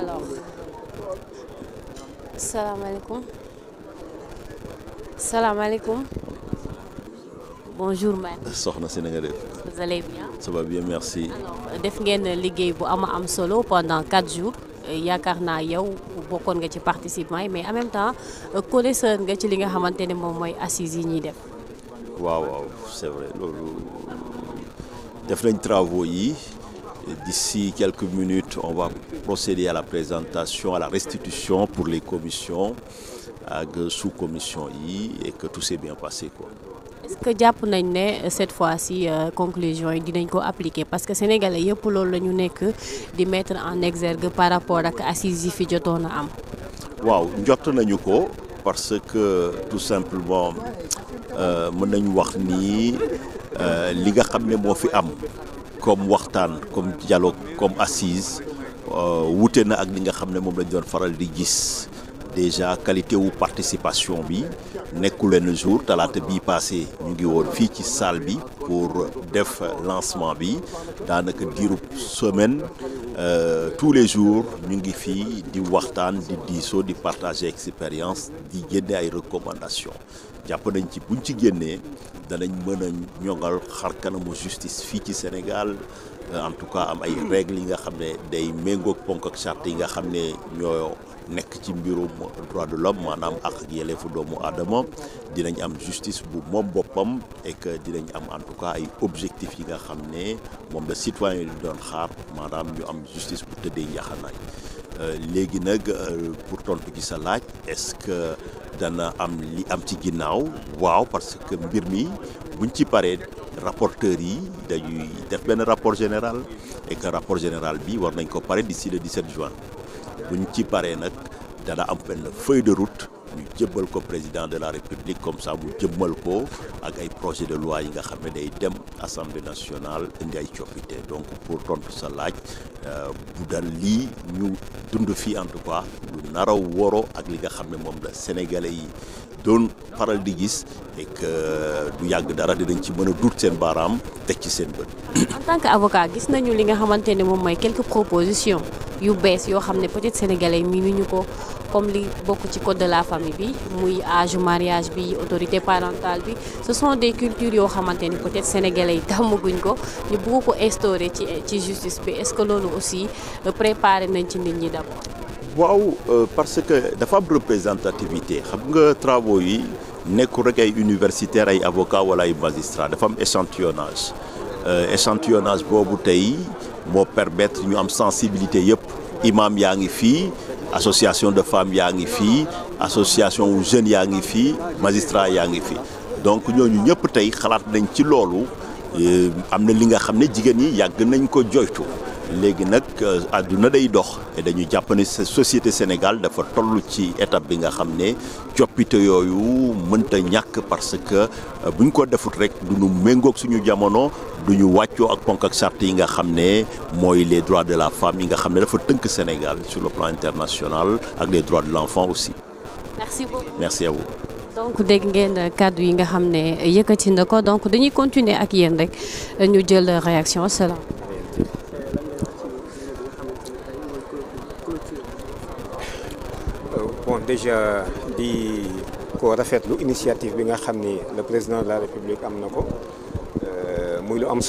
alors salaamaaleykum salaamaaleykum bonjour maître. soxna si na nga def. def ngeen liggéey bu ama am solo pendant quatre jours. Euh, yaakaar naa yow bokkoon nga ci participants yi mais en même temps euh, connaisseur nga ci li nga xamante ne moom mooy assises yi ñuy def. waaw waaw c'est vrai loolu def nañ travaux yi. D'ici quelques minutes, on va procéder à la présentation, à la restitution pour les commissions ak sous-commission yi et que tout s'est bien passé quoi. est-ce que jàpp nañ ne euh, cette fois-ci euh, conclusion yi dinañ ko appliquer parce que sénégalais yëpp loolu la ñu nekk di mettre en exergue par rapport ak assis yi fi jotoon a am. waaw njort nañu ko parce que tout simplement euh, mën nañu wax ni li nga xam ne moo fi am. comme waxtaan comme dialogue comme assise euh, wute na ak li nga xam ne moom lañ doon faral di gis déjà qualité wu participation bi nekkul lenn jour talaata bi passé ñu ngi woon fii ci salle bi pour def lancement bi daanaka diirub semaine Euh, tous les jours ñu ngi fii di waxtaan di diisoo di partager expérience di génne ay recommandations jàpp nañ ci buñ ci génnee danañ mën a ñoŋal xar kanamu justice fii ci Sénégal en tout cas am ay règles yi nga xam ne day méngoog ponk ak charte yi nga xam ne ñoo nekk ci mbirum droit de l'homme maanaam ak ak yelleefu doomu aadama dinañ am justice bu moom boppam et que dinañ am en tout cas ay objectifs yi nga xam ne moom la citoyen di doon xaar maanaam ñu am justice bu tëddee njaxanaay euh, léegi nag euh, pour tontu gi sa laaj est dana am li am ci ginnaaw waaw parce que mbir mi bu buñ ci paree rapporteurs yi dañuy def benn rapport général et que rapport général bi war nañ ko pare di d'ici le 17 juin buñ ci paree nag dana am benn feuille de route ñu jëbbal ko président de la république comme ça mu jëmmal ko ak ay projet de loi yi nga xam ne day dem assemblée nationale indi ay coppite donc pour tontu sa laaj euh, bu dal lii ñu dund fii en tout cas lu naraw woro ak li nga xam ne moom la sénégalais yi doon faral di gis et que euh, du yàgg dara dinañ ci mën a duut seen baaraam teg ci seen bët. en tant que avocat gis nañu li nga xamante ne moom mooy quelques propositions yu bees yoo xam ne peut-être sénégalais ñu ko comme li bokk ci code de la famille bi muy âge mariage bi autorité parentale bi ce sont des cultures yoo xamante ni peut-être sénégalais yi guñ ko ñu bëgg ko instaurer ci ci justice bi est-ce que loolu aussi euh, préparé nañ ci nit ñi d'abord. waaw euh, parce que dafa am représentativité xam nga travaux yi nekkul rek ay universitaire ay avocat wala ay magistrat dafa am échantillonnage euh, échantillonnage boobu tey moo permettre ñu am sensibilité yëpp imam yaa ngi fii association de femmes yaa ngi fii association wu jeunes yaa ngi fii magistrat yaa ngi fii donc ñooñu ñëpp tey xalaat nañ ci loolu euh, am na li nga xam ne jigéen ñi yàgg nañ ko joytu léegi nag euh, àdduna day dox dañu jàpp ne société Sénégal dafa toll ci étape bi nga xam ne coppite yooyu mënta ñàkk parce que euh, buñ ko defut rek du ñu suñu jamono du ñu wàccoo ak ponk ak charte yi nga xam ne mooy les droits de la femme yi nga xam ne dafa tënk Sénégal sur le plan international ak les droits de l'enfant aussi. merci beaucoup donc dégg ngeen kàddu yi nga xam ne yëkkati na ko donc dañuy continuer ak yéen rek ñu jël réaction salaam. bon déjà di ko rafetlu initiative bi nga xam ni le président de la république am na ko euh, muy lu am solo